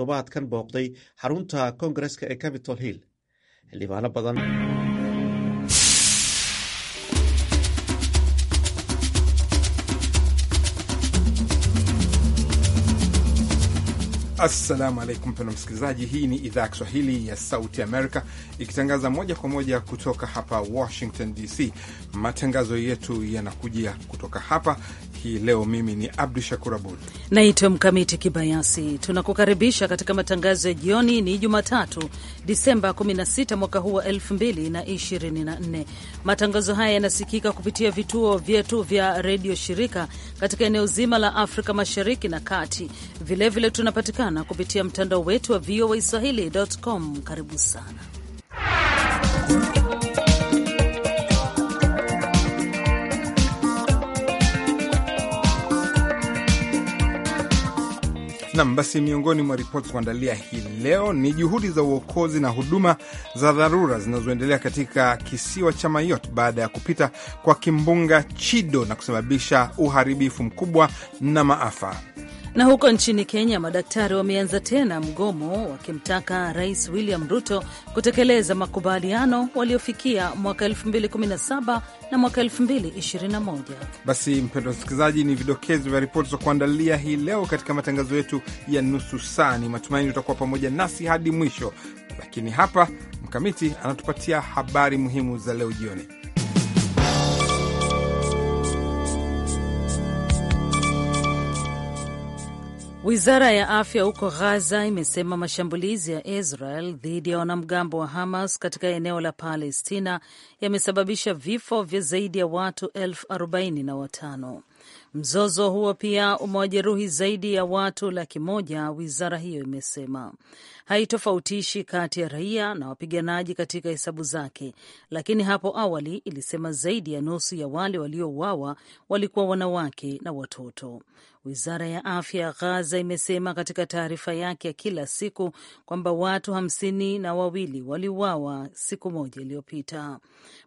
toddobaadkan booqday xarunta koongareska ee capitol hill xildhibaano badan Assalamu alaikum pendo msikilizaji, hii ni idhaa ya Kiswahili ya Sauti Amerika ikitangaza moja kwa moja kutoka hapa Washington DC. Matangazo yetu yanakujia kutoka hapa hii leo. Mimi ni Abdu Shakur Abud naitwa Mkamiti Kibayasi. Tunakukaribisha katika matangazo ya jioni. Ni Jumatatu, Disemba 16 mwaka huu wa 2024. Matangazo haya yanasikika kupitia vituo vyetu vya redio shirika katika eneo zima la Afrika Mashariki na Kati. Vilevile tunapatikana sana kupitia mtandao wetu wa VOA Swahili.com. Karibu sana. Nam basi, miongoni mwa ripoti kuandalia hii leo ni juhudi za uokozi na huduma za dharura zinazoendelea katika kisiwa cha Mayotte baada ya kupita kwa kimbunga Chido na kusababisha uharibifu mkubwa na maafa. Na huko nchini Kenya, madaktari wameanza tena mgomo wakimtaka Rais William Ruto kutekeleza makubaliano waliofikia mwaka 2017 na mwaka 2021. Basi mpendwa msikilizaji, ni vidokezo vya ripoti za kuandalia hii leo katika matangazo yetu ya nusu saa. Ni matumaini utakuwa pamoja nasi hadi mwisho, lakini hapa Mkamiti anatupatia habari muhimu za leo jioni. Wizara ya afya huko Gaza imesema mashambulizi ya Israel dhidi ya wanamgambo wa Hamas katika eneo la Palestina yamesababisha vifo vya zaidi ya watu elfu arobaini na watano. Mzozo huo pia umewajeruhi zaidi ya watu laki moja, wizara hiyo imesema. Haitofautishi kati ya raia na wapiganaji katika hesabu zake, lakini hapo awali ilisema zaidi ya nusu ya wale waliouawa walikuwa wanawake na watoto. Wizara ya afya ya ghaza imesema katika taarifa yake ya kila siku kwamba watu hamsini na wawili waliuawa siku moja iliyopita.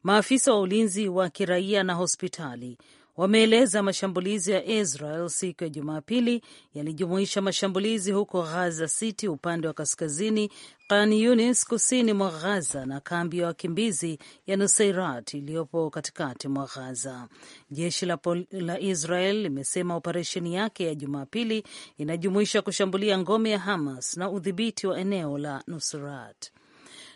Maafisa wa ulinzi wa kiraia na hospitali wameeleza mashambulizi ya Israel siku ya Jumapili yalijumuisha mashambulizi huko Ghaza City upande wa kaskazini, Khan Yunis kusini mwa Ghaza na kambi ya wakimbizi ya Nuseirat iliyopo katikati mwa Ghaza. Jeshi la, la Israel limesema operesheni yake ya Jumapili inajumuisha kushambulia ngome ya Hamas na udhibiti wa eneo la Nuseirat.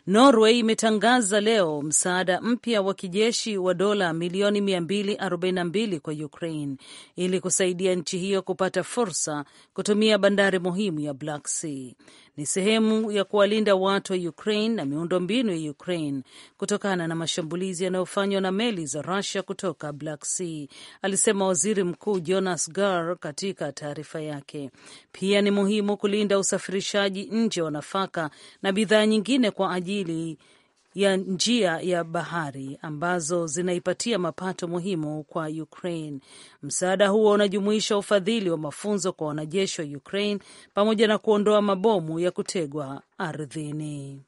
Norway imetangaza leo msaada mpya wa kijeshi wa dola milioni 242 kwa Ukraine ili kusaidia nchi hiyo kupata fursa kutumia bandari muhimu ya Black Sea. Ni sehemu ya kuwalinda watu wa Ukraine na miundombinu ya Ukraine kutokana na mashambulizi yanayofanywa na meli za Russia kutoka Black Sea, alisema Waziri Mkuu Jonas Gar katika taarifa yake. Pia ni muhimu kulinda usafirishaji nje wa nafaka na bidhaa nyingine kwa ajili ajili ya njia ya bahari ambazo zinaipatia mapato muhimu kwa Ukraine. Msaada huo unajumuisha ufadhili wa mafunzo kwa wanajeshi wa Ukraine pamoja na kuondoa mabomu ya kutegwa ardhini.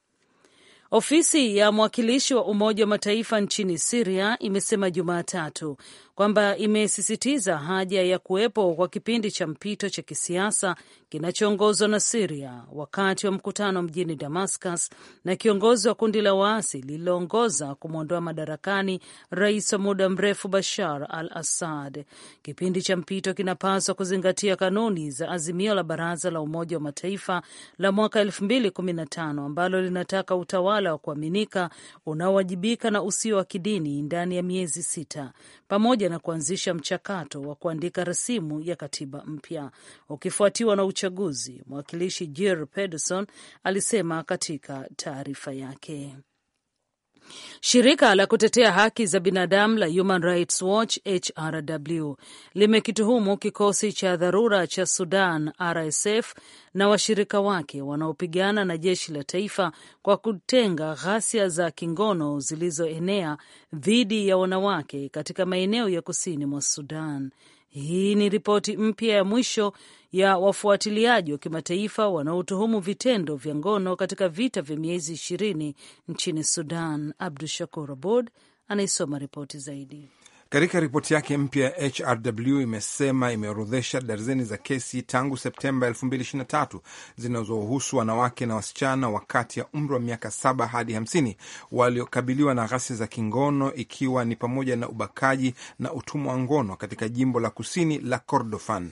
Ofisi ya mwakilishi wa Umoja wa Mataifa nchini Siria imesema Jumatatu kwamba imesisitiza haja ya kuwepo kwa kipindi cha mpito cha kisiasa kinachoongozwa na Siria wakati wa mkutano mjini Damascus na kiongozi wa kundi la waasi lililoongoza kumwondoa madarakani rais wa muda mrefu Bashar al Assad. Kipindi cha mpito kinapaswa kuzingatia kanuni za azimio la Baraza la Umoja wa Mataifa la mwaka 2015 ambalo linataka utawala wa kuaminika unaowajibika na usio wa kidini ndani ya miezi sita pamoja na kuanzisha mchakato wa kuandika rasimu ya katiba mpya ukifuatiwa na uchaguzi, mwakilishi jer Pederson alisema katika taarifa yake. Shirika la kutetea haki za binadamu la Human Rights Watch HRW limekituhumu kikosi cha dharura cha Sudan RSF na washirika wake wanaopigana na jeshi la taifa kwa kutenga ghasia za kingono zilizoenea dhidi ya wanawake katika maeneo ya kusini mwa Sudan. Hii ni ripoti mpya ya mwisho ya wafuatiliaji wa kimataifa wanaotuhumu vitendo vya ngono katika vita vya miezi ishirini nchini Sudan. Abdu Shakur Abod anaisoma ripoti zaidi. Katika ripoti yake mpya HRW imesema imeorodhesha darzeni za kesi tangu Septemba 2023 zinazohusu wanawake na wasichana wa kati ya umri wa miaka 7 hadi 50 waliokabiliwa na ghasia za kingono, ikiwa ni pamoja na ubakaji na utumwa wa ngono katika jimbo la kusini la Kordofan.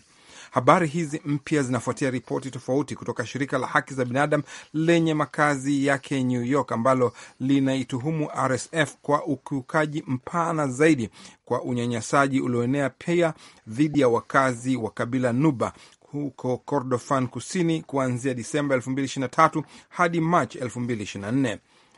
Habari hizi mpya zinafuatia ripoti tofauti kutoka shirika la haki za binadamu lenye makazi yake New York ambalo linaituhumu RSF kwa ukiukaji mpana zaidi kwa unyanyasaji ulioenea pia dhidi ya wakazi wa kabila Nuba huko Kordofan Kusini kuanzia Disemba 2023 hadi Machi 2024.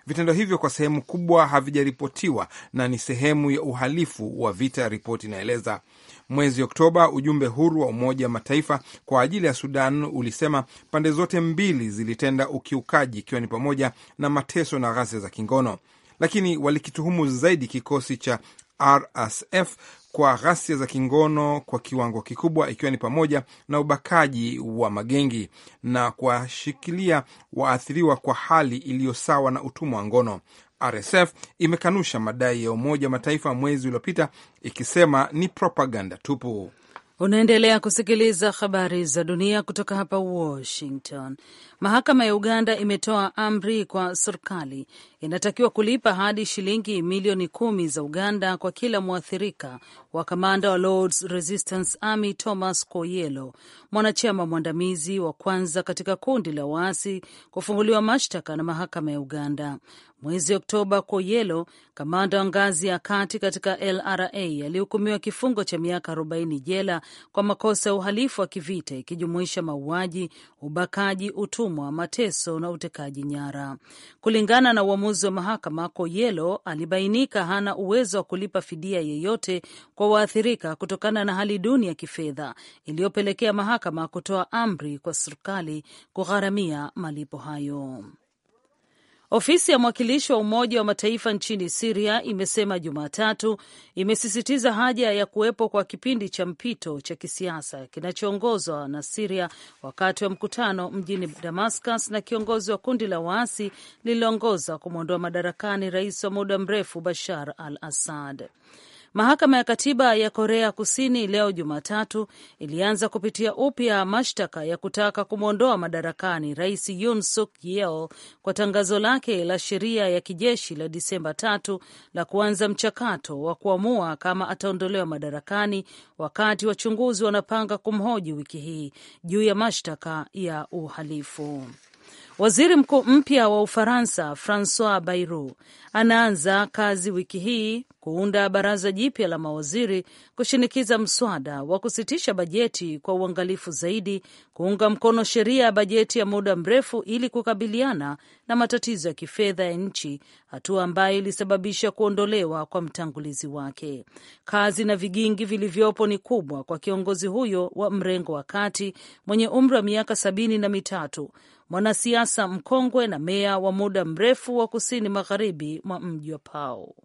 Vitendo hivyo kwa sehemu kubwa havijaripotiwa na ni sehemu ya uhalifu wa vita, ripoti inaeleza. Mwezi Oktoba, ujumbe huru wa Umoja wa Mataifa kwa ajili ya Sudan ulisema pande zote mbili zilitenda ukiukaji, ikiwa ni pamoja na mateso na ghasia za kingono, lakini walikituhumu zaidi kikosi cha RSF kwa ghasia za kingono kwa kiwango kikubwa, ikiwa ni pamoja na ubakaji wa magengi na kuwashikilia waathiriwa kwa hali iliyo sawa na utumwa wa ngono. RSF imekanusha madai ya Umoja wa Mataifa mwezi uliopita, ikisema ni propaganda tupu. Unaendelea kusikiliza habari za dunia kutoka hapa Washington. Mahakama ya Uganda imetoa amri kwa serikali, inatakiwa kulipa hadi shilingi milioni kumi za Uganda kwa kila mwathirika wa kamanda wa Lords Resistance Army Thomas Koyelo, mwanachama mwandamizi wa kwanza katika kundi la waasi, kufunguliwa mashtaka na mahakama ya Uganda. Mwezi Oktoba, Koyelo, kamanda wa ngazi ya kati katika LRA, alihukumiwa kifungo cha miaka 40 jela kwa makosa ya uhalifu wa kivita ikijumuisha mauaji, ubakaji, utumwa, mateso na utekaji nyara. Kulingana na uamuzi wa mahakama, Koyelo alibainika hana uwezo wa kulipa fidia yeyote kwa waathirika kutokana na hali duni ya kifedha iliyopelekea mahakama kutoa amri kwa serikali kugharamia malipo hayo. Ofisi ya mwakilishi wa Umoja wa Mataifa nchini Siria imesema Jumatatu imesisitiza haja ya kuwepo kwa kipindi cha mpito cha kisiasa kinachoongozwa na Siria wakati wa mkutano mjini Damascus na kiongozi wa kundi la waasi lililoongoza kumwondoa madarakani rais wa muda mrefu Bashar al Assad. Mahakama ya Katiba ya Korea Kusini leo Jumatatu ilianza kupitia upya mashtaka ya kutaka kumwondoa madarakani Rais Yoon Suk Yeol kwa tangazo lake la sheria ya kijeshi la Disemba tatu la kuanza mchakato wa kuamua kama ataondolewa madarakani, wakati wachunguzi wanapanga kumhoji wiki hii juu ya mashtaka ya uhalifu. Waziri mkuu mpya wa Ufaransa Francois Bayrou anaanza kazi wiki hii kuunda baraza jipya la mawaziri kushinikiza mswada wa kusitisha bajeti kwa uangalifu zaidi, kuunga mkono sheria ya bajeti ya muda mrefu ili kukabiliana na matatizo ya kifedha ya nchi, hatua ambayo ilisababisha kuondolewa kwa mtangulizi wake. Kazi na vigingi vilivyopo ni kubwa kwa kiongozi huyo wa mrengo wa kati mwenye umri wa miaka sabini na mitatu mwanasiasa mkongwe na meya wa muda mrefu wa kusini magharibi mwa mji wa Pau.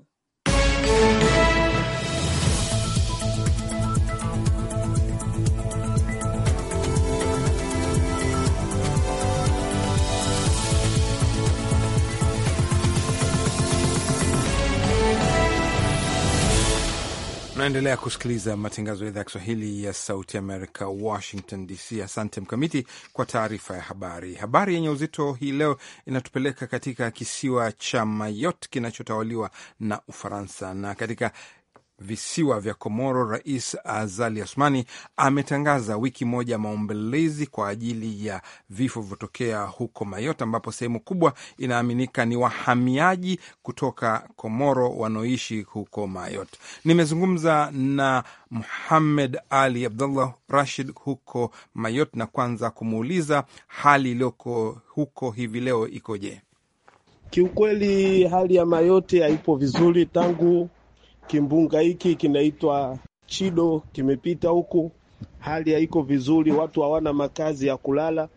Unaendelea kusikiliza matangazo ya idhaa ya Kiswahili ya Sauti Amerika, Washington DC. Asante Mkamiti kwa taarifa ya habari. Habari yenye uzito hii leo inatupeleka katika kisiwa cha Mayot kinachotawaliwa na Ufaransa, na katika visiwa vya Komoro, Rais Azali Asmani ametangaza wiki moja maombelezi kwa ajili ya vifo vilivyotokea huko mayot ambapo sehemu kubwa inaaminika ni wahamiaji kutoka Komoro wanaoishi huko mayot Nimezungumza na Muhammed Ali Abdullah Rashid huko Mayot na kwanza kumuuliza hali iliyoko huko hivi leo ikoje? Kiukweli hali ya Mayote haipo vizuri tangu Kimbunga hiki kinaitwa Chido kimepita huku, hali haiko vizuri, watu hawana makazi ya kulala,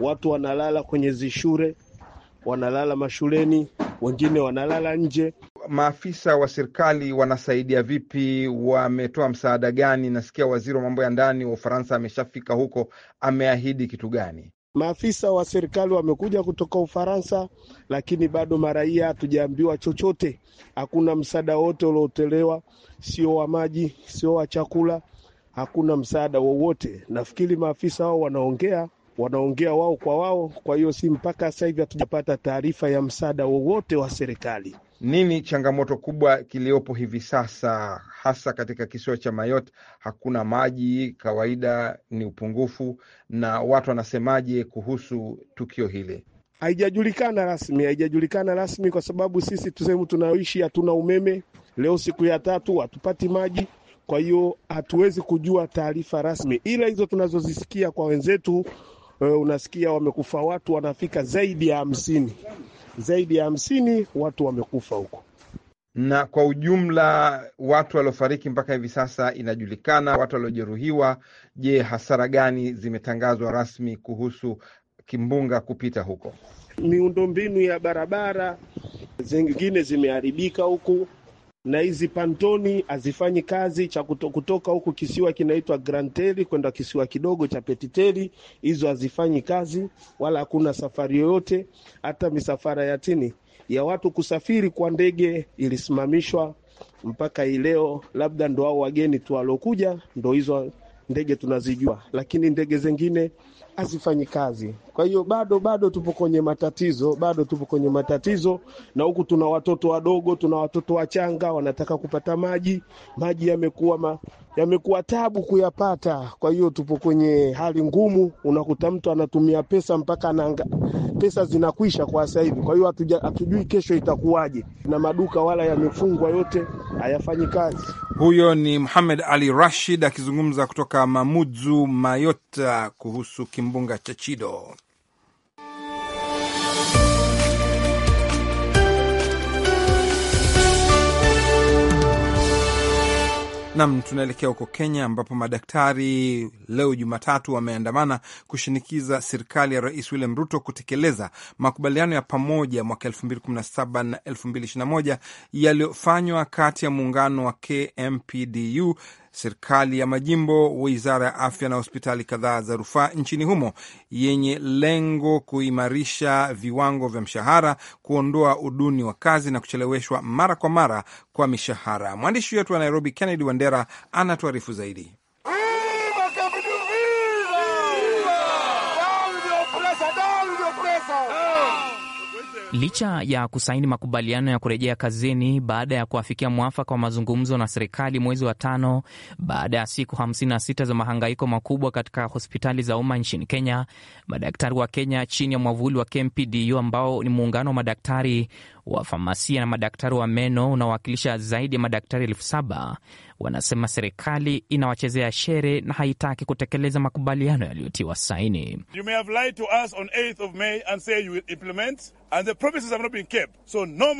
watu wanalala kwenye zishure, wanalala mashuleni, wengine wanalala nje. Maafisa wa serikali wanasaidia vipi? Wametoa msaada gani? Nasikia waziri wa mambo ya ndani wa Ufaransa ameshafika huko, ameahidi kitu gani? Maafisa wa serikali wamekuja kutoka Ufaransa, lakini bado maraia hatujaambiwa chochote. Hakuna msaada wote uliotolewa, sio wa maji, sio wa chakula, hakuna msaada wowote. Nafikiri maafisa wao wanaongea wanaongea wao kwa wao, kwa hiyo si mpaka sasa hivi hatujapata taarifa ya msaada wowote wa serikali. Nini changamoto kubwa kiliyopo hivi sasa, hasa katika kisiwa cha Mayotte? Hakuna maji, kawaida ni upungufu, na watu wanasemaje kuhusu tukio hili? Haijajulikana rasmi, haijajulikana rasmi kwa sababu sisi tusehemu tunayoishi hatuna umeme. Leo siku ya tatu hatupati maji, kwa hiyo hatuwezi kujua taarifa rasmi, ila hizo tunazozisikia kwa wenzetu. Eh, unasikia wamekufa watu wanafika zaidi ya hamsini zaidi ya hamsini watu wamekufa huko. Na kwa ujumla watu waliofariki mpaka hivi sasa inajulikana, watu waliojeruhiwa. Je, hasara gani zimetangazwa rasmi kuhusu kimbunga kupita huko? Miundombinu ya barabara zingine zimeharibika huku na hizi pantoni hazifanyi kazi cha kutoka huku kisiwa kinaitwa Granteli kwenda kisiwa kidogo cha Petiteli, hizo hazifanyi kazi wala hakuna safari yoyote. Hata misafara ya tini ya watu kusafiri kwa ndege ilisimamishwa mpaka hii leo, labda ndo hao wageni tu waliokuja ndo hizo ndege tunazijua, lakini ndege zingine hazifanyi kazi. Kwa hiyo bado bado tupo kwenye matatizo, bado tupo kwenye matatizo, na huku tuna watoto wadogo, tuna watoto wachanga wanataka kupata maji, maji yamekuwa ma, yamekuwa tabu kuyapata. Kwa hiyo tupo kwenye hali ngumu, unakuta mtu anatumia pesa mpaka ananga, pesa zinakwisha kwa sasa hivi. Kwa hiyo hatujui kesho itakuwaje, na maduka wala yamefungwa yote, hayafanyi kazi. Huyo ni Muhamed Ali Rashid akizungumza kutoka Mamudzu Mayota kuhusu kimbunga cha Chido. Nam, tunaelekea huko Kenya ambapo madaktari leo Jumatatu wameandamana kushinikiza serikali ya Rais William Ruto kutekeleza makubaliano ya pamoja mwaka 2017 na 2021 yaliyofanywa kati ya muungano wa KMPDU serikali ya majimbo, wizara ya afya na hospitali kadhaa za rufaa nchini humo yenye lengo kuimarisha viwango vya mshahara, kuondoa uduni wa kazi na kucheleweshwa mara kwa mara kwa mishahara. Mwandishi wetu wa Nairobi, Kennedy Wandera, anatuarifu zaidi. Licha ya kusaini makubaliano ya kurejea kazini baada ya kuafikia mwafaka wa mazungumzo na serikali mwezi wa tano, baada ya siku 56 za mahangaiko makubwa katika hospitali za umma nchini Kenya, madaktari wa Kenya chini ya mwavuli wa KMPDU ambao ni muungano wa madaktari Wafamasia na madaktari wa meno unaowakilisha zaidi ya madaktari elfu saba wanasema serikali inawachezea shere na haitaki kutekeleza makubaliano yaliyotiwa saini. So no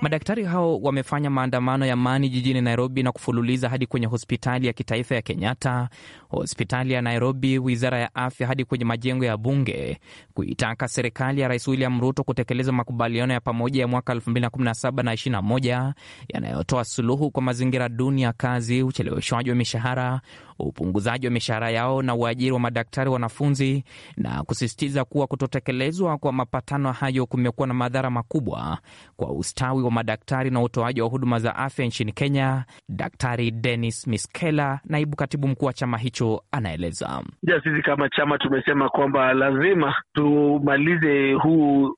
madaktari hao wamefanya maandamano ya amani jijini Nairobi na kufululiza hadi kwenye hospitali ya kitaifa ya Kenyatta, hospitali ya Nairobi, wizara ya afya, hadi kwenye majengo ya bunge kuitaka serikali ya Rais William Ruto kutekeleza makubaliano makubaliano ya pamoja ya mwaka 2017 na 21 yanayotoa suluhu kwa mazingira duni ya kazi, ucheleweshwaji wa mishahara, upunguzaji wa mishahara yao na uajiri wa madaktari wanafunzi, na kusisitiza kuwa kutotekelezwa kwa mapatano hayo kumekuwa na madhara makubwa kwa ustawi wa madaktari na utoaji wa huduma za afya nchini Kenya. Daktari Denis Miskela, naibu katibu mkuu wa chama hicho, anaeleza. Sisi kama chama tumesema kwamba lazima tumalize huu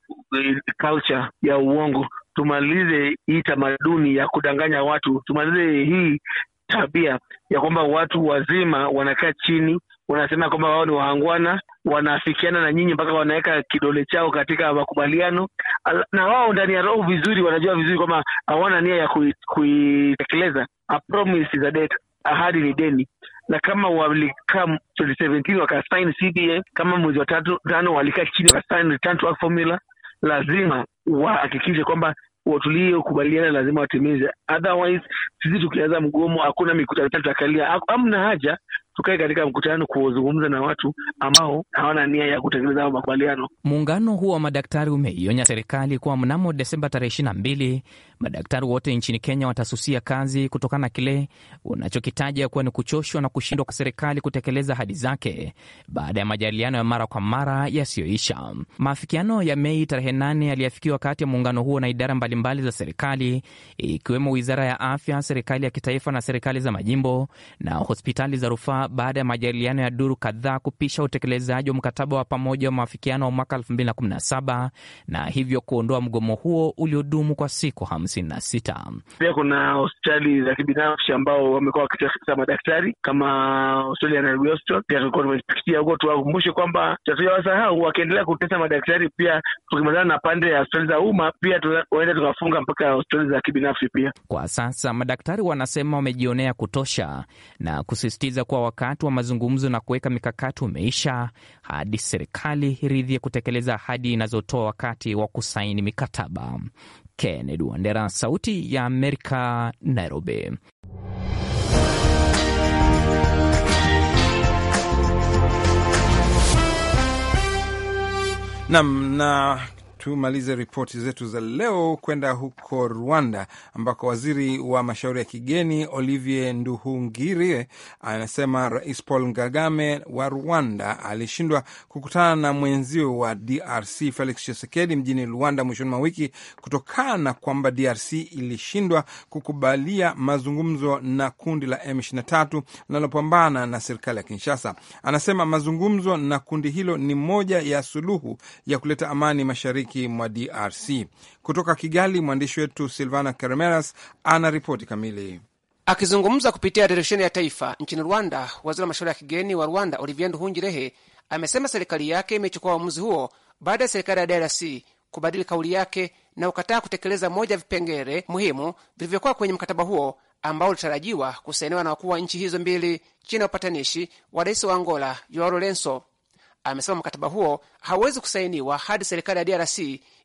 culture ya uongo, tumalize hii tamaduni ya kudanganya watu, tumalize hii tabia ya kwamba watu wazima wanakaa chini wanasema kwamba wao ni wahangwana, wanaafikiana na nyinyi mpaka wanaweka kidole chao katika makubaliano, na wao ndani ya roho vizuri wanajua vizuri kwamba hawana nia ya kuitekeleza. A ahadi ni deni. Na kama walikaa 2017 CBA, kama mwezi wa tano walikaa chini wakasain return to work formula lazima wahakikishe kwamba tuliokubaliana lazima watimize, otherwise sisi tukianza mgomo hakuna mikutano tatu akalia, hamna haja tukae katika mkutano kuzungumza na watu ambao hawana nia ya kutengeneza makubaliano. Muungano huo wa madaktari umeionya serikali kuwa mnamo Desemba tarehe ishirini na mbili madaktari wote nchini Kenya watasusia kazi kutokana na kile unachokitaja kuwa ni kuchoshwa na kushindwa kwa serikali kutekeleza ahadi zake baada ya majadiliano ya mara kwa mara yasiyoisha. Maafikiano ya Mei tarehe nane yaliyafikiwa kati ya muungano huo na idara mbalimbali za serikali ikiwemo wizara ya afya, serikali ya kitaifa na serikali za majimbo na hospitali za rufaa baada ya majadiliano ya duru kadhaa kupisha utekelezaji wa mkataba wa pamoja wa maafikiano wa mwaka 2017 na hivyo kuondoa mgomo huo uliodumu kwa siku 56. Pia kuna hospitali za kibinafsi ambao wamekuwa wakitafuta madaktari kama hospitali ya Nairobi Hospital, pia tulikuwa tumepitia huko, tuwakumbushe kwamba tatujawasahau wakiendelea kutesa madaktari. Pia tukimalizana na pande ya hospitali za umma, pia huenda tukafunga mpaka hospitali za kibinafsi pia. Kwa sasa madaktari wanasema wamejionea kutosha na kusisitiza kuwa wakati wa mazungumzo na kuweka mikakati umeisha hadi serikali iridhie kutekeleza ahadi inazotoa wakati wa kusaini mikataba. Kennedy Wandera, Sauti ya Amerika, Nairobi. Nam na Tumalize ripoti zetu za leo kwenda huko Rwanda, ambako waziri wa mashauri ya kigeni Olivier Nduhungirie anasema Rais Paul Kagame wa Rwanda alishindwa kukutana na mwenzio wa DRC Felix Tshisekedi mjini rwanda mwishoni mwa wiki kutokana kwamba DRC ilishindwa kukubalia mazungumzo na kundi la M23 linalopambana na serikali ya Kinshasa. Anasema mazungumzo na kundi hilo ni moja ya suluhu ya kuleta amani mashariki mashariki mwa DRC. Kutoka Kigali, mwandishi wetu Silvana Karemeras ana ripoti kamili. Akizungumza kupitia televisheni ya taifa nchini Rwanda, waziri wa mashauri ya kigeni wa Rwanda Olivier Nduhungirehe amesema serikali yake imechukua uamuzi huo baada ya serikali ya DRC kubadili kauli yake na kukataa kutekeleza moja ya vipengele muhimu vilivyokuwa kwenye mkataba huo ambao ulitarajiwa kusainiwa na wakuu wa nchi hizo mbili chini ya upatanishi wa rais wa Angola Joao Lorenso amesema mkataba huo hauwezi kusainiwa hadi serikali ya DRC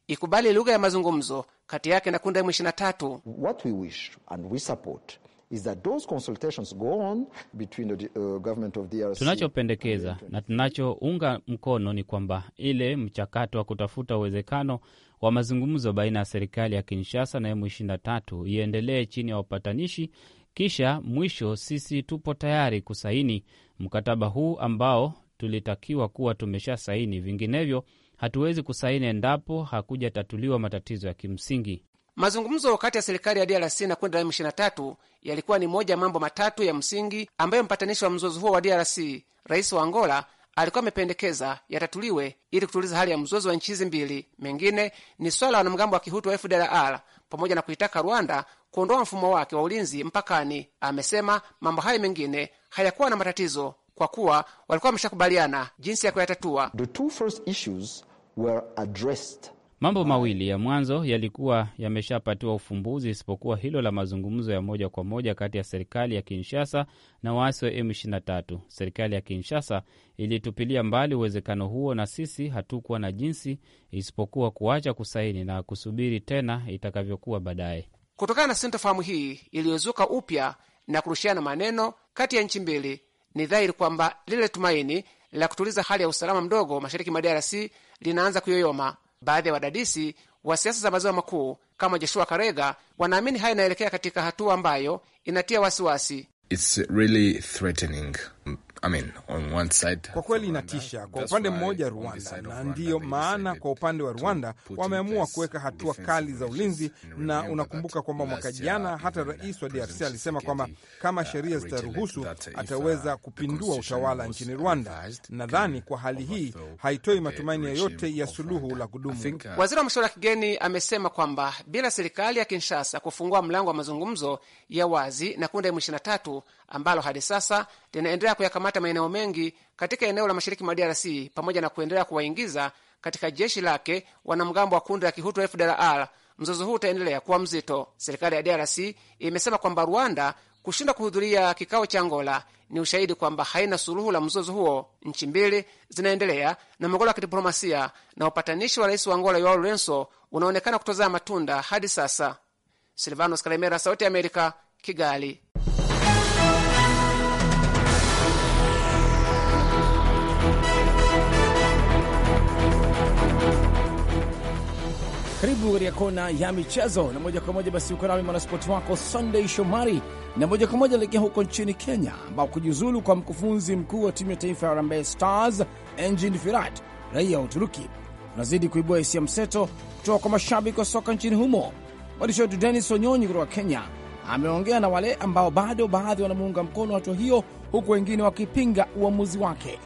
ikubali lugha ya mazungumzo kati yake na kundi la M23. What we wish and we support is that those consultations go on between the uh, government of DRC. Tunachopendekeza na tunachounga mkono ni kwamba ile mchakato wa kutafuta uwezekano wa mazungumzo baina ya serikali ya Kinshasa na M23 iendelee chini ya wapatanishi, kisha mwisho sisi tupo tayari kusaini mkataba huu ambao tulitakiwa kuwa tumesha saini, vinginevyo hatuwezi kusaini endapo hakujatatuliwa matatizo ya kimsingi. Mazungumzo kati ya serikali ya DRC na kundi la M23 yalikuwa ni moja ya mambo matatu ya msingi ambayo mpatanishi wa mzozo huo wa DRC, rais wa Angola, alikuwa amependekeza yatatuliwe ili kutuliza hali ya mzozo wa nchi hizi mbili. Mengine ni swala la wanamgambo wa kihutu wa FDLR pamoja na kuitaka Rwanda kuondoa mfumo wake wa ulinzi mpakani. Amesema mambo hayo mengine hayakuwa na matatizo kwa kuwa walikuwa wameshakubaliana jinsi ya kuyatatua. The two first issues were addressed. Mambo mawili ya mwanzo yalikuwa yameshapatiwa ufumbuzi isipokuwa hilo la mazungumzo ya moja kwa moja kati ya serikali ya Kinshasa na waasi wa M23. Serikali ya Kinshasa ilitupilia mbali uwezekano huo, na sisi hatukuwa na jinsi isipokuwa kuacha kusaini na kusubiri tena itakavyokuwa baadaye. Kutokana na sintofahamu hii iliyozuka upya na kurushiana maneno kati ya nchi mbili ni dhahiri kwamba lile tumaini la kutuliza hali ya usalama mdogo mashariki mwa DRC linaanza kuyoyoma. Baadhi ya wadadisi wa siasa za maziwa makuu kama Joshua Karega wanaamini haya inaelekea katika hatua ambayo inatia wasiwasi wasi. It's really threatening I mean, on one side, kwa kweli inatisha kwa upande mmoja Rwanda, na ndiyo maana kwa upande wa Rwanda wameamua kuweka hatua kali za ulinzi. Na unakumbuka kwamba mwaka jana hata rais wa DRC alisema kwamba kama uh, sheria zitaruhusu uh, ataweza kupindua utawala nchini Rwanda. Nadhani uh, kwa hali hii haitoi matumaini yoyote ya suluhu la kudumu. Waziri wa mashauri ya kigeni amesema kwamba bila serikali ya Kinshasa kufungua mlango wa mazungumzo ya wazi na kundi M23 ambalo hadi sasa linaendelea kuyakamata maeneo mengi katika eneo la mashariki mwa DRC pamoja na kuendelea kuwaingiza katika jeshi lake wanamgambo wa kundi la kihutu FDLR. Mzozo huu utaendelea kuwa mzito. Serikali ya DRC imesema kwamba Rwanda kushindwa kuhudhuria kikao cha Angola ni ushahidi kwamba haina suluhu la mzozo huo. Nchi mbili zinaendelea na mgogoro wa kidiplomasia na upatanishi wa rais wa Angola Joao Lourenco unaonekana kutozaa matunda hadi sasa. Silvanos Kalemera, Sauti ya Amerika, Kigali. Karibu katika kona ya michezo, na moja kwa moja basi uko nami mwanaspoti wako Sunday Shomari, na moja kwa moja elekea huko nchini Kenya, ambao kujiuzulu kwa mkufunzi mkuu wa timu ya taifa ya Harambee Stars Engin Firat, raia wa Uturuki, unazidi kuibua hisia mseto kutoka kwa mashabiki wa soka nchini humo. Mwandishi wetu Denis Onyonyi kutoka Kenya ameongea na wale ambao bado baadhi wanamuunga mkono hatua hiyo, huku wengine wakipinga uamuzi wake.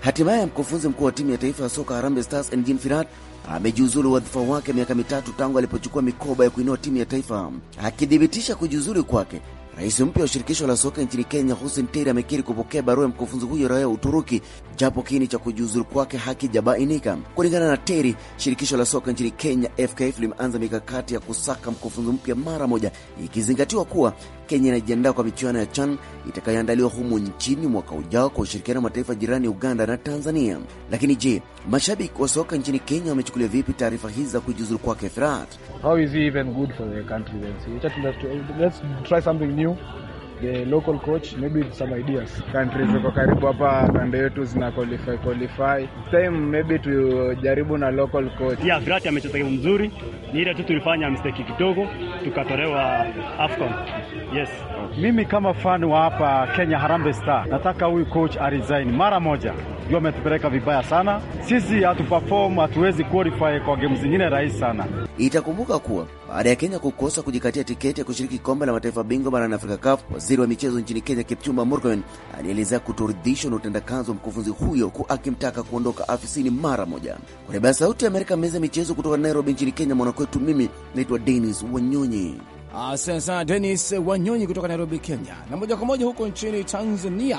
Hatimaye mkufunzi mkuu wa timu ya taifa ya soka Harambee Stars Engin Firat amejiuzulu wadhifa wake miaka mitatu tangu alipochukua mikoba ya kuinua timu ya taifa. Akithibitisha kujiuzulu kwake, rais mpya wa shirikisho la soka nchini Kenya Hussein Teri amekiri kupokea barua ya mkufunzi huyo raia wa Uturuki, japo kiini cha kujiuzulu kwake hakijabainika. Kulingana na Teri, shirikisho la soka nchini Kenya FKF limeanza mikakati ya kusaka mkufunzi mpya mara moja, ikizingatiwa kuwa Kenya inajiandaa kwa michuano ya CHAN itakayoandaliwa humo nchini mwaka ujao kwa ushirikiano wa mataifa jirani Uganda na Tanzania. Lakini je, mashabiki wa soka nchini Kenya wamechukulia vipi taarifa hizi za kujiuzulu kwake Thrat? the local coach maybe with some ideas. Countries ziko karibu hapa kando yetu zina qualify qualify time maybe tujaribu na local coach. Yeah, Virati amecheza game mzuri, ni ile tu tulifanya mistake kidogo tukatolewa AFCON. Yes. Mimi kama fan wa hapa Kenya, Harambee Star, nataka huyu coach aresign mara moja jua ametupeleka vibaya sana. Sisi hatuperform, hatuwezi qualify kwa game zingine rahisi sana. Itakumbuka kuwa baada ya Kenya kukosa kujikatia tiketi ya kushiriki kombe la mataifa bingwa barani Afrika CAF, waziri wa michezo nchini Kenya Kipchumba Murkomen alielezea kutoridhishwa na utendakazi wa mkufunzi huyo, huku akimtaka kuondoka afisini mara moja. Kwa niaba ya Sauti ya Amerika, meza ya michezo kutoka Nairobi nchini Kenya, mwanakwetu, mimi naitwa Denis Wanyonyi. Asante sana Denis Wanyonyi kutoka Nairobi, Kenya. Na moja kwa moja huko nchini Tanzania,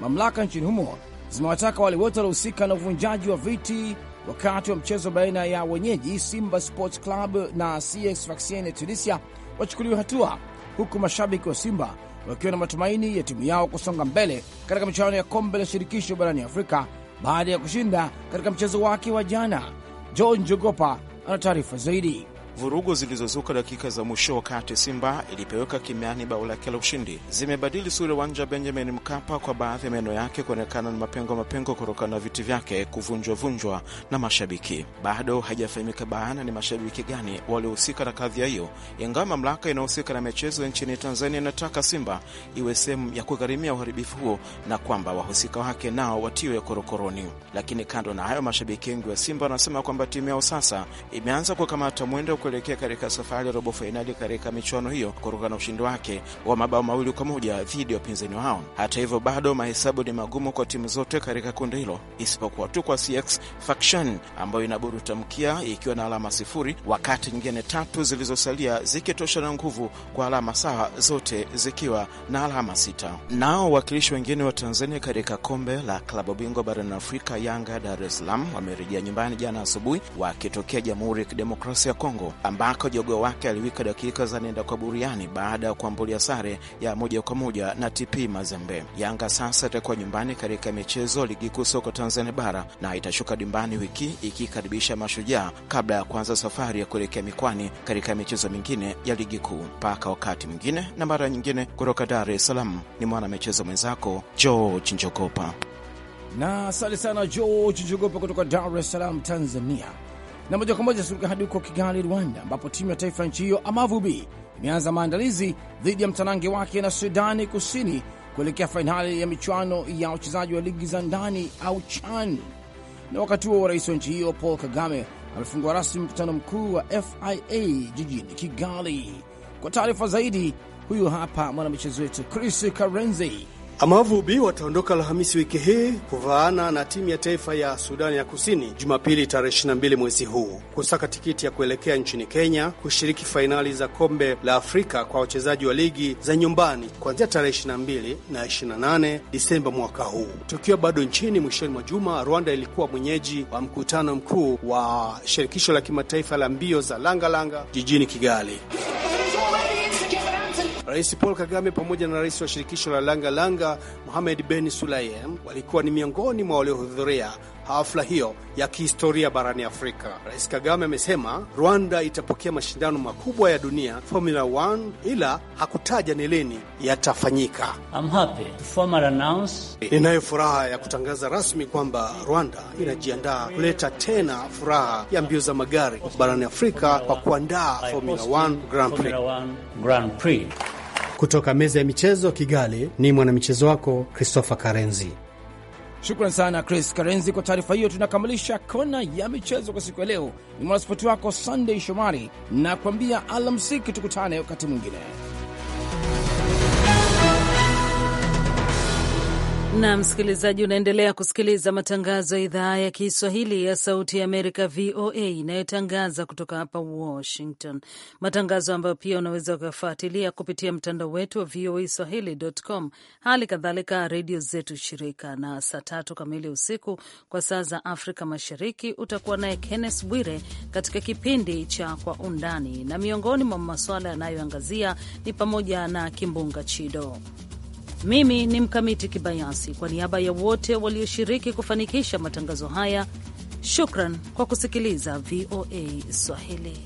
mamlaka nchini humo zimewataka wale wote waliohusika na uvunjaji wa viti wakati wa mchezo baina ya wenyeji Simba Sports Club na CS Sfaxien ya Tunisia wachukuliwe hatua, huku mashabiki wa Simba wakiwa na matumaini ya timu yao kusonga mbele katika michuano ya kombe la shirikisho barani Afrika baada ya kushinda katika mchezo wake wa jana. John Jogopa ana taarifa zaidi. Vurugu zilizozuka dakika za mwisho wakati Simba ilipeweka kimiani bao lake la ushindi zimebadili sura uwanja Benjamin Mkapa, kwa baadhi ya maeneo yake kuonekana na mapengo mapengo kutokana na viti vyake kuvunjwavunjwa na mashabiki. Bado haijafahamika bayana ni mashabiki gani waliohusika na ya hiyo, ingawa mamlaka inayohusika na michezo nchini Tanzania inataka Simba iwe sehemu ya kugharimia uharibifu huo na kwamba wahusika wake nao watiwe korokoroni. Lakini kando na hayo, mashabiki wengi wa Simba wanasema kwamba timu yao sasa imeanza kukamata mwendo kuelekea katika safari ya robo fainali katika michuano hiyo kutokana na ushindi wake wa mabao mawili kwa moja dhidi ya wapinzani wao. Hata hivyo, bado mahesabu ni magumu kwa timu zote katika kundi hilo isipokuwa tu kwa CX Faction ambayo inaburuta mkia ikiwa na alama sifuri, wakati nyingine tatu zilizosalia zikitosha na nguvu kwa alama sawa, zote zikiwa na alama sita. Nao wakilishi wengine wa Tanzania katika kombe la klabu bingwa barani Afrika, Yanga Dar es Salaam wamerejea nyumbani jana asubuhi wakitokea Jamhuri ya Kidemokrasia ya Kongo ambako jogo wake aliwika dakika za nenda kwa buriani baada ya kuambulia sare ya moja kwa moja na TP Mazembe. Yanga sasa itakuwa nyumbani katika michezo ligi kuu soko Tanzania bara na itashuka dimbani wiki ikikaribisha Mashujaa kabla ya kuanza safari ya kuelekea mikwani katika michezo mingine ya ligi kuu. Mpaka wakati mwingine na mara nyingine, kutoka Dar es Salaam ni mwanamichezo mwenzako George Njogopa. Na asante sana George Njogopa kutoka Dar es Salaam, Tanzania. Na moja kwa moja turuka hadi huko Kigali, Rwanda, ambapo timu ya taifa nchi hiyo Amavubi imeanza maandalizi dhidi ya mtanange wake na Sudani Kusini kuelekea fainali ya michuano ya wachezaji wa ligi za ndani au CHAN. Na wakati huo rais wa nchi hiyo Paul Kagame amefungua rasmi mkutano mkuu wa FIA jijini Kigali. Kwa taarifa zaidi, huyu hapa mwanamichezo wetu Chris Karenzi Amavubi wataondoka Alhamisi wiki hii kuvaana na timu ya taifa ya Sudani ya Kusini Jumapili tarehe 22 mwezi huu kusaka tikiti ya kuelekea nchini Kenya kushiriki fainali za kombe la Afrika kwa wachezaji wa ligi za nyumbani kuanzia tarehe 22 na 28 Disemba mwaka huu. Tukiwa bado nchini, mwishoni mwa juma, Rwanda ilikuwa mwenyeji wa mkutano mkuu wa shirikisho la kimataifa la mbio za langalanga langa, jijini Kigali. Rais Paul Kagame pamoja na rais wa shirikisho la Langa Langa Mohamed Ben Sulayem walikuwa ni miongoni mwa waliohudhuria hafla hiyo ya kihistoria barani Afrika. Rais Kagame amesema Rwanda itapokea mashindano makubwa ya dunia Formula 1, ila hakutaja ni lini yatafanyika. Ninayo furaha ya kutangaza rasmi kwamba Rwanda inajiandaa kuleta tena furaha ya mbio za magari barani Afrika kwa kuandaa Formula 1 Grand Prix. Kutoka meza ya michezo Kigali ni mwanamichezo wako Christopher Karenzi. Shukran sana Chris Karenzi kwa taarifa hiyo. Tunakamilisha kona ya michezo kwa siku ya leo. Ni mwanaspoti wako Sunday Shomari na kuambia alamsiki, tukutane wakati mwingine. na msikilizaji, unaendelea kusikiliza matangazo ya idhaa ya Kiswahili ya Sauti ya Amerika, VOA, inayotangaza kutoka hapa Washington, matangazo ambayo pia unaweza kuyafuatilia kupitia mtandao wetu wa VOA Swahili.com, hali kadhalika redio zetu shirika. Na saa tatu kamili usiku kwa saa za Afrika Mashariki utakuwa naye Kenneth Bwire katika kipindi cha Kwa Undani, na miongoni mwa masuala yanayoangazia ni pamoja na kimbunga Chido. Mimi ni Mkamiti Kibayasi, kwa niaba ya wote walioshiriki kufanikisha matangazo haya, shukran kwa kusikiliza VOA Swahili.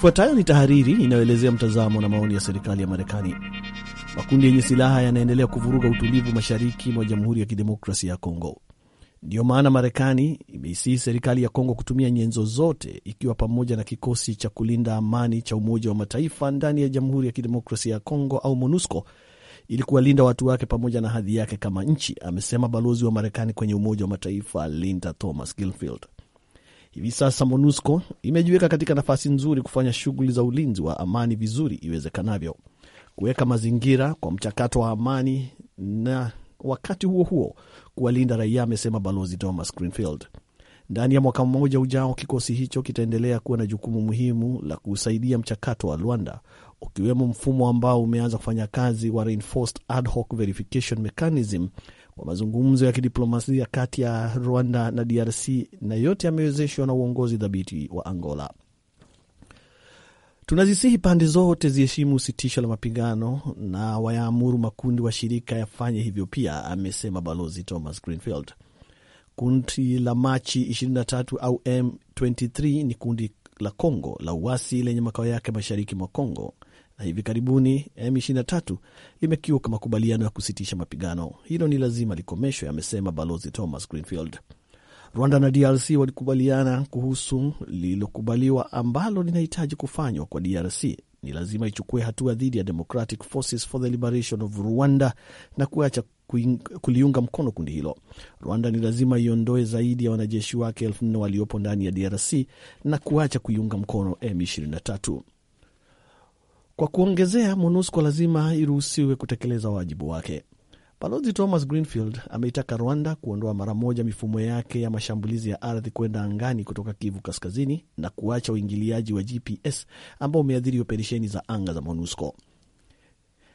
Ifuatayo ni tahariri inayoelezea mtazamo na maoni ya serikali ya Marekani. Makundi yenye silaha yanaendelea kuvuruga utulivu mashariki mwa Jamhuri ya Kidemokrasia ya Kongo. Ndiyo maana Marekani imeisihi serikali ya Kongo kutumia nyenzo zote, ikiwa pamoja na kikosi cha kulinda amani cha Umoja wa Mataifa ndani ya Jamhuri ya Kidemokrasia ya Kongo au MONUSCO ili kuwalinda watu wake pamoja na hadhi yake kama nchi, amesema balozi wa Marekani kwenye Umoja wa Mataifa Linda Thomas Gilfield. Hivi sasa MONUSCO imejiweka katika nafasi nzuri kufanya shughuli za ulinzi wa amani vizuri iwezekanavyo, kuweka mazingira kwa mchakato wa amani na wakati huo huo kuwalinda raia, amesema Balozi Thomas Greenfield. Ndani ya mwaka mmoja ujao, kikosi hicho kitaendelea kuwa na jukumu muhimu la kusaidia mchakato wa Rwanda, ukiwemo mfumo ambao umeanza kufanya kazi wa Reinforced Ad Hoc Verification Mechanism wa mazungumzo ya kidiplomasia kati ya Rwanda na DRC na yote yamewezeshwa na uongozi dhabiti wa Angola. Tunazisihi pande zote ziheshimu sitisho la mapigano na wayaamuru makundi wa shirika yafanye hivyo pia, amesema Balozi Thomas Greenfield. Kundi la Machi 23 au M23 ni kundi la Congo la uasi lenye makao yake mashariki mwa Congo na hivi karibuni eh, M23 limekiuka makubaliano ya kusitisha mapigano. Hilo ni lazima likomeshwe, amesema Balozi Thomas Greenfield. Rwanda na DRC walikubaliana kuhusu lililokubaliwa ambalo linahitaji kufanywa kwa DRC ni lazima ichukue hatua dhidi ya Democratic Forces for the Liberation of Rwanda na kuacha kuliunga mkono kundi hilo. Rwanda ni lazima iondoe zaidi ya wanajeshi wake elfu nne waliopo ndani ya DRC na kuacha kuiunga mkono M23. Kwa kuongezea, MONUSCO lazima iruhusiwe kutekeleza wajibu wake. Balozi Thomas Greenfield ameitaka Rwanda kuondoa mara moja mifumo yake ya mashambulizi ya ardhi kwenda angani kutoka Kivu Kaskazini na kuacha uingiliaji wa GPS ambao umeathiri operesheni za anga za MONUSCO.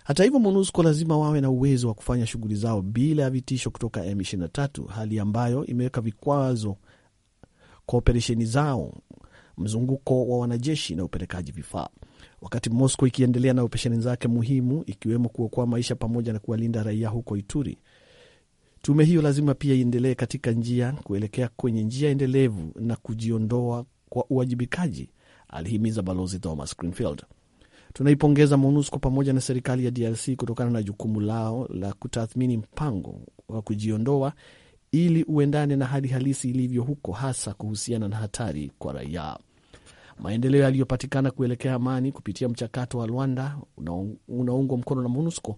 Hata hivyo, MONUSCO lazima wawe na uwezo wa kufanya shughuli zao bila ya vitisho kutoka M23, hali ambayo imeweka vikwazo kwa operesheni zao, mzunguko wa wanajeshi na upelekaji vifaa wakati Moscow ikiendelea na operesheni zake muhimu ikiwemo kuokoa maisha pamoja na kuwalinda raia huko Ituri. Tume hiyo lazima pia iendelee katika njia kuelekea kwenye njia endelevu na kujiondoa kwa uwajibikaji, alihimiza Balozi Thomas Greenfield. Tunaipongeza MONUSCO pamoja na serikali ya DRC kutokana na jukumu lao la kutathmini mpango wa kujiondoa ili uendane na hali halisi ilivyo huko, hasa kuhusiana na hatari kwa raia. Maendeleo yaliyopatikana kuelekea amani kupitia mchakato wa Rwanda unaoungwa mkono na MONUSCO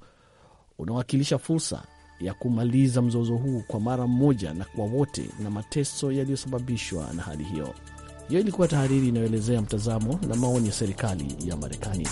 unawakilisha fursa ya kumaliza mzozo huu kwa mara mmoja na kwa wote na mateso yaliyosababishwa na hali hiyo. Hiyo ilikuwa tahariri inayoelezea mtazamo na maoni ya serikali ya Marekani.